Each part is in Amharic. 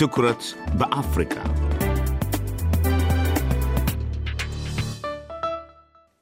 ትኩረት በአፍሪካ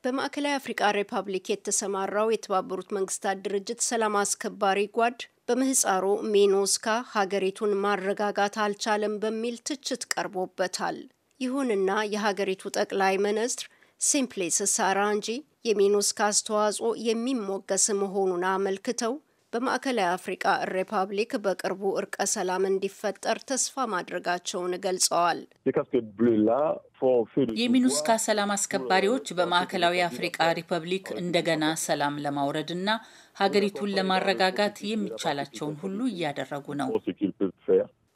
በማዕከላዊ አፍሪቃ ሪፐብሊክ የተሰማራው የተባበሩት መንግስታት ድርጅት ሰላም አስከባሪ ጓድ በምህፃሩ ሚኖስካ ሀገሪቱን ማረጋጋት አልቻለም በሚል ትችት ቀርቦበታል። ይሁንና የሀገሪቱ ጠቅላይ ሚኒስትር ሲምፕሌስ ሳራንጂ የሚኖስካ አስተዋጽኦ የሚሞገስ መሆኑን አመልክተው በማዕከላዊ አፍሪቃ ሪፐብሊክ በቅርቡ እርቀ ሰላም እንዲፈጠር ተስፋ ማድረጋቸውን ገልጸዋል። የሚኑስካ ሰላም አስከባሪዎች በማዕከላዊ አፍሪቃ ሪፐብሊክ እንደገና ሰላም ለማውረድ እና ሀገሪቱን ለማረጋጋት የሚቻላቸውን ሁሉ እያደረጉ ነው።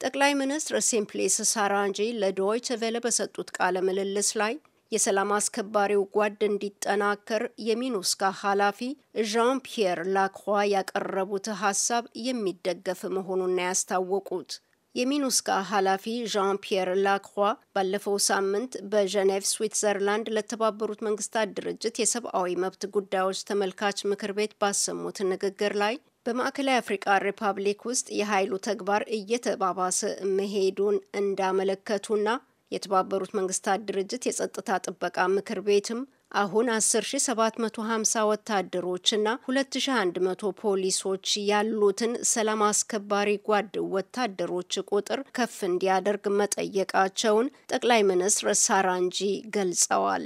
ጠቅላይ ሚኒስትር ሲምፕሊስ ሳራንጂ ለዶይቸ ቬለ በሰጡት ቃለ ምልልስ ላይ የሰላም አስከባሪው ጓድ እንዲጠናከር የሚኑስካ ኃላፊ ዣን ፒየር ላክሯ ያቀረቡት ሀሳብ የሚደገፍ መሆኑን ያስታወቁት የሚኑስካ ኃላፊ ዣን ፒየር ላክሯ ባለፈው ሳምንት በጀኔቭ ስዊትዘርላንድ ለተባበሩት መንግስታት ድርጅት የሰብአዊ መብት ጉዳዮች ተመልካች ምክር ቤት ባሰሙት ንግግር ላይ በማዕከላዊ አፍሪቃ ሪፐብሊክ ውስጥ የኃይሉ ተግባር እየተባባሰ መሄዱን እንዳመለከቱና የተባበሩት መንግስታት ድርጅት የጸጥታ ጥበቃ ምክር ቤትም አሁን 10750 ወታደሮችና 2100 ፖሊሶች ያሉትን ሰላም አስከባሪ ጓድ ወታደሮች ቁጥር ከፍ እንዲያደርግ መጠየቃቸውን ጠቅላይ ሚኒስትር ሳራንጂ ገልጸዋል።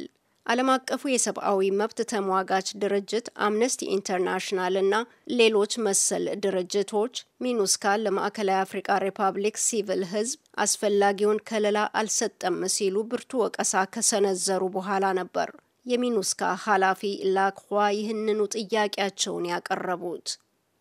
ዓለም አቀፉ የሰብአዊ መብት ተሟጋች ድርጅት አምነስቲ ኢንተርናሽናል እና ሌሎች መሰል ድርጅቶች ሚኑስካ ለማዕከላዊ አፍሪካ ሪፐብሊክ ሲቪል ሕዝብ አስፈላጊውን ከለላ አልሰጠም ሲሉ ብርቱ ወቀሳ ከሰነዘሩ በኋላ ነበር የሚኑስካ ኃላፊ ላክኋ ይህንኑ ጥያቄያቸውን ያቀረቡት።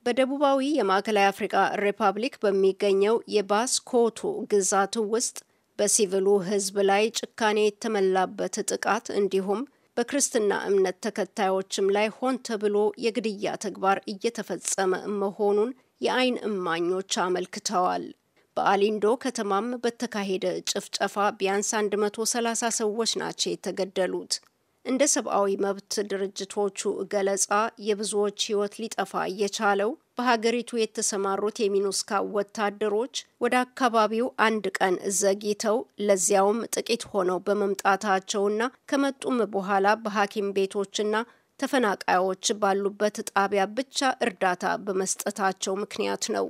በደቡባዊ የማዕከላዊ አፍሪካ ሪፐብሊክ በሚገኘው የባስኮቶ ግዛት ውስጥ በሲቪሉ ሕዝብ ላይ ጭካኔ የተመላበት ጥቃት እንዲሁም በክርስትና እምነት ተከታዮችም ላይ ሆን ተብሎ የግድያ ተግባር እየተፈጸመ መሆኑን የአይን እማኞች አመልክተዋል። በአሊንዶ ከተማም በተካሄደ ጭፍጨፋ ቢያንስ 130 ሰዎች ናቸው የተገደሉት። እንደ ሰብአዊ መብት ድርጅቶቹ ገለጻ የብዙዎች ሕይወት ሊጠፋ እየቻለው በሀገሪቱ የተሰማሩት የሚኑስካ ወታደሮች ወደ አካባቢው አንድ ቀን ዘግይተው ለዚያውም ጥቂት ሆነው በመምጣታቸውና ከመጡም በኋላ በሐኪም ቤቶችና ተፈናቃዮች ባሉበት ጣቢያ ብቻ እርዳታ በመስጠታቸው ምክንያት ነው።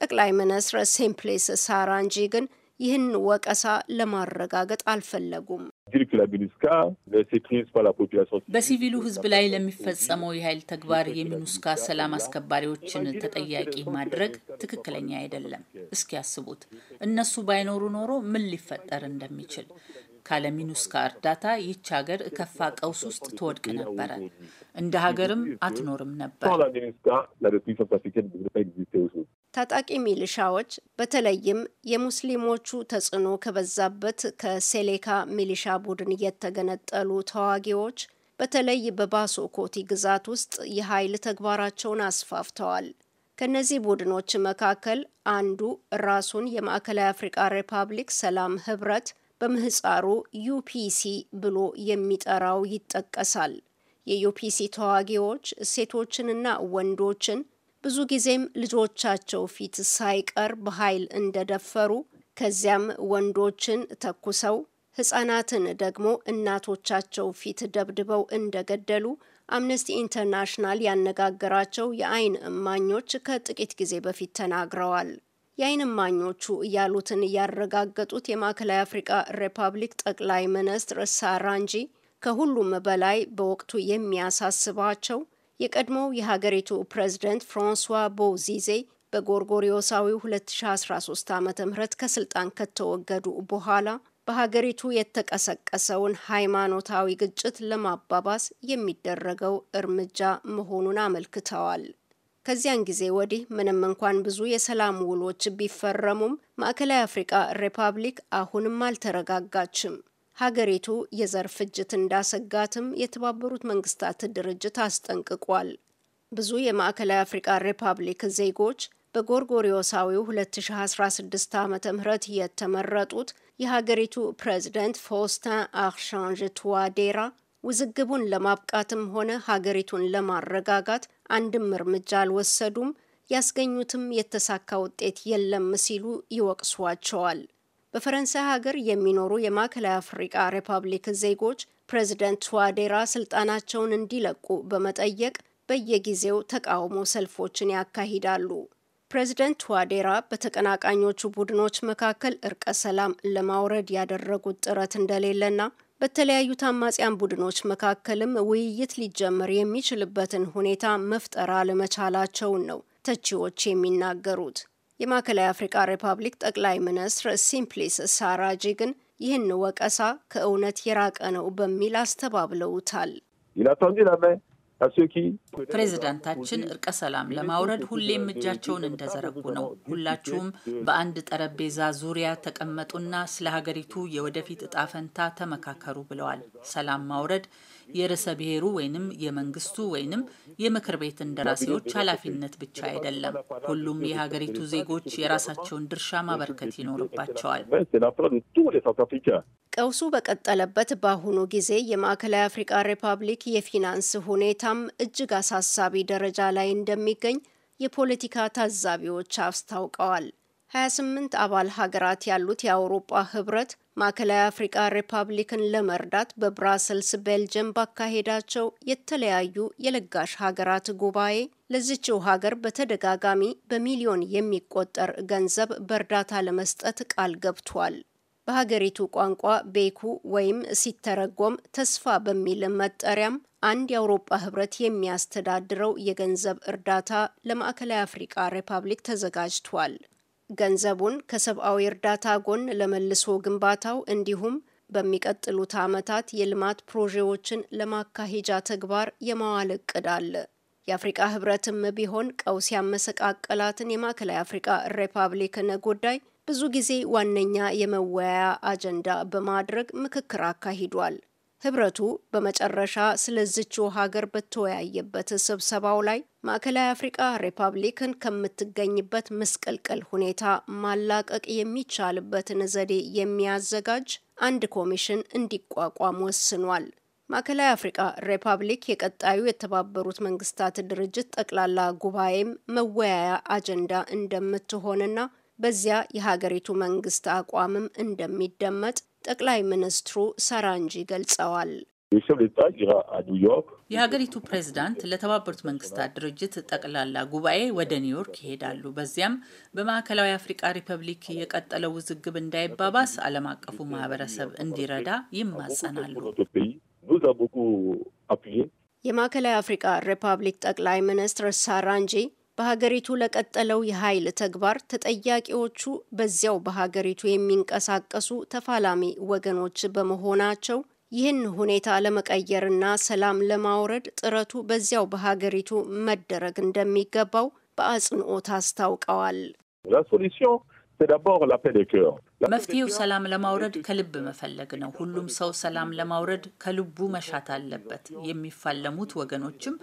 ጠቅላይ ሚኒስትር ሴምፕሌስ ሳራንጂ ግን ይህን ወቀሳ ለማረጋገጥ አልፈለጉም። በሲቪሉ ሕዝብ ላይ ለሚፈጸመው የኃይል ተግባር የሚኑስካ ሰላም አስከባሪዎችን ተጠያቂ ማድረግ ትክክለኛ አይደለም። እስኪ ያስቡት፣ እነሱ ባይኖሩ ኖሮ ምን ሊፈጠር እንደሚችል ካለ ሚኑስካ እርዳታ ይች ሀገር እከፋ ቀውስ ውስጥ ትወድቅ ነበረ፣ እንደ ሀገርም አትኖርም ነበር። ታጣቂ ሚሊሻዎች በተለይም የሙስሊሞቹ ተጽዕኖ ከበዛበት ከሴሌካ ሚሊሻ ቡድን የተገነጠሉ ተዋጊዎች በተለይ በባሶ ኮቲ ግዛት ውስጥ የኃይል ተግባራቸውን አስፋፍተዋል። ከእነዚህ ቡድኖች መካከል አንዱ ራሱን የማዕከላዊ አፍሪቃ ሪፓብሊክ ሰላም ህብረት በምህፃሩ ዩፒሲ ብሎ የሚጠራው ይጠቀሳል። የዩፒሲ ተዋጊዎች ሴቶችንና ወንዶችን ብዙ ጊዜም ልጆቻቸው ፊት ሳይቀር በኃይል እንደደፈሩ ከዚያም ወንዶችን ተኩሰው ህጻናትን ደግሞ እናቶቻቸው ፊት ደብድበው እንደገደሉ አምነስቲ ኢንተርናሽናል ያነጋገራቸው የአይን እማኞች ከጥቂት ጊዜ በፊት ተናግረዋል። የአይን እማኞቹ እያሉትን ያረጋገጡት የማዕከላዊ አፍሪቃ ሪፐብሊክ ጠቅላይ ሚኒስትር ሳራንጂ ከሁሉም በላይ በወቅቱ የሚያሳስባቸው የቀድሞው የሀገሪቱ ፕሬዝደንት ፍራንሷ ቦዚዜ በጎርጎሪዮሳዊው 2013 ዓ ም ከስልጣን ከተወገዱ በኋላ በሀገሪቱ የተቀሰቀሰውን ሃይማኖታዊ ግጭት ለማባባስ የሚደረገው እርምጃ መሆኑን አመልክተዋል። ከዚያን ጊዜ ወዲህ ምንም እንኳን ብዙ የሰላም ውሎች ቢፈረሙም ማዕከላዊ አፍሪቃ ሪፐብሊክ አሁንም አልተረጋጋችም። ሀገሪቱ የዘር ፍጅት እንዳሰጋትም የተባበሩት መንግስታት ድርጅት አስጠንቅቋል። ብዙ የማዕከላዊ አፍሪቃ ሪፐብሊክ ዜጎች በጎርጎሪዮሳዊው 2016 ዓ ም የተመረጡት የሀገሪቱ ፕሬዚደንት ፎስታን አርሻንጅ ቱዋዴራ ውዝግቡን ለማብቃትም ሆነ ሀገሪቱን ለማረጋጋት አንድም እርምጃ አልወሰዱም፣ ያስገኙትም የተሳካ ውጤት የለም ሲሉ ይወቅሷቸዋል። በፈረንሳይ ሀገር የሚኖሩ የማዕከላዊ አፍሪቃ ሪፐብሊክ ዜጎች ፕሬዚደንት ቱዋዴራ ስልጣናቸውን እንዲለቁ በመጠየቅ በየጊዜው ተቃውሞ ሰልፎችን ያካሂዳሉ። ፕሬዚደንት ቱዋዴራ በተቀናቃኞቹ ቡድኖች መካከል እርቀ ሰላም ለማውረድ ያደረጉት ጥረት እንደሌለና በተለያዩት አማጽያን ቡድኖች መካከልም ውይይት ሊጀመር የሚችልበትን ሁኔታ መፍጠር አለመቻላቸውን ነው ተቺዎች የሚናገሩት። የማዕከላዊ አፍሪካ ሪፐብሊክ ጠቅላይ ሚኒስትር ሲምፕሊስ ሳራጂ ግን ይህን ወቀሳ ከእውነት የራቀ ነው በሚል አስተባብለውታል። ፕሬዚዳንታችን እርቀ ሰላም ለማውረድ ሁሌም እጃቸውን እንደዘረጉ ነው። ሁላችሁም በአንድ ጠረጴዛ ዙሪያ ተቀመጡና ስለ ሀገሪቱ የወደፊት እጣ ፈንታ ተመካከሩ ብለዋል። ሰላም ማውረድ የርዕሰ ብሔሩ ወይንም የመንግስቱ ወይንም የምክር ቤት እንደራሴዎች ኃላፊነት ብቻ አይደለም። ሁሉም የሀገሪቱ ዜጎች የራሳቸውን ድርሻ ማበርከት ይኖርባቸዋል። ቀውሱ በቀጠለበት በአሁኑ ጊዜ የማዕከላዊ አፍሪካ ሪፐብሊክ የፊናንስ ሁኔታም እጅግ አሳሳቢ ደረጃ ላይ እንደሚገኝ የፖለቲካ ታዛቢዎች አስታውቀዋል። 28 አባል ሀገራት ያሉት የአውሮጳ ህብረት ማዕከላዊ አፍሪቃ ሪፐብሊክን ለመርዳት በብራሰልስ ቤልጅየም ባካሄዳቸው የተለያዩ የለጋሽ ሀገራት ጉባኤ ለዚችው ሀገር በተደጋጋሚ በሚሊዮን የሚቆጠር ገንዘብ በእርዳታ ለመስጠት ቃል ገብቷል። በሀገሪቱ ቋንቋ ቤኩ ወይም ሲተረጎም ተስፋ በሚል መጠሪያም አንድ የአውሮፓ ህብረት የሚያስተዳድረው የገንዘብ እርዳታ ለማዕከላዊ አፍሪቃ ሪፐብሊክ ተዘጋጅቷል። ገንዘቡን ከሰብአዊ እርዳታ ጎን ለመልሶ ግንባታው እንዲሁም በሚቀጥሉት ዓመታት የልማት ፕሮጀዎችን ለማካሄጃ ተግባር የማዋል እቅድ አለ። የአፍሪቃ ህብረትም ቢሆን ቀውስ ያመሰቃቀላትን የማዕከላዊ አፍሪቃ ሪፐብሊክን ጉዳይ ብዙ ጊዜ ዋነኛ የመወያያ አጀንዳ በማድረግ ምክክር አካሂዷል። ህብረቱ በመጨረሻ ስለዚችው ሀገር በተወያየበት ስብሰባው ላይ ማዕከላዊ አፍሪቃ ሪፐብሊክን ከምትገኝበት ምስቅልቅል ሁኔታ ማላቀቅ የሚቻልበትን ዘዴ የሚያዘጋጅ አንድ ኮሚሽን እንዲቋቋም ወስኗል። ማዕከላዊ አፍሪቃ ሪፐብሊክ የቀጣዩ የተባበሩት መንግስታት ድርጅት ጠቅላላ ጉባኤም መወያያ አጀንዳ እንደምትሆንና በዚያ የሀገሪቱ መንግስት አቋምም እንደሚደመጥ ጠቅላይ ሚኒስትሩ ሰራንጂ ገልጸዋል። የሀገሪቱ ፕሬዝዳንት ለተባበሩት መንግስታት ድርጅት ጠቅላላ ጉባኤ ወደ ኒውዮርክ ይሄዳሉ። በዚያም በማዕከላዊ አፍሪካ ሪፐብሊክ የቀጠለው ውዝግብ እንዳይባባስ ዓለም አቀፉ ማህበረሰብ እንዲረዳ ይማጸናሉ። የማዕከላዊ አፍሪካ ሪፐብሊክ ጠቅላይ ሚኒስትር ሳራንጂ በሀገሪቱ ለቀጠለው የኃይል ተግባር ተጠያቂዎቹ በዚያው በሀገሪቱ የሚንቀሳቀሱ ተፋላሚ ወገኖች በመሆናቸው ይህን ሁኔታ ለመቀየርና ሰላም ለማውረድ ጥረቱ በዚያው በሀገሪቱ መደረግ እንደሚገባው በአጽንኦት አስታውቀዋል። መፍትሄው ሰላም ለማውረድ ከልብ መፈለግ ነው። ሁሉም ሰው ሰላም ለማውረድ ከልቡ መሻት አለበት። የሚፋለሙት ወገኖችም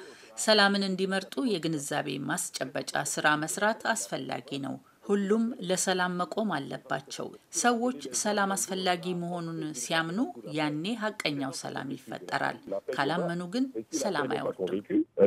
ሰላምን እንዲመርጡ የግንዛቤ ማስጨበጫ ስራ መስራት አስፈላጊ ነው። ሁሉም ለሰላም መቆም አለባቸው። ሰዎች ሰላም አስፈላጊ መሆኑን ሲያምኑ ያኔ ሀቀኛው ሰላም ይፈጠራል። ካላመኑ ግን ሰላም አይወርድም።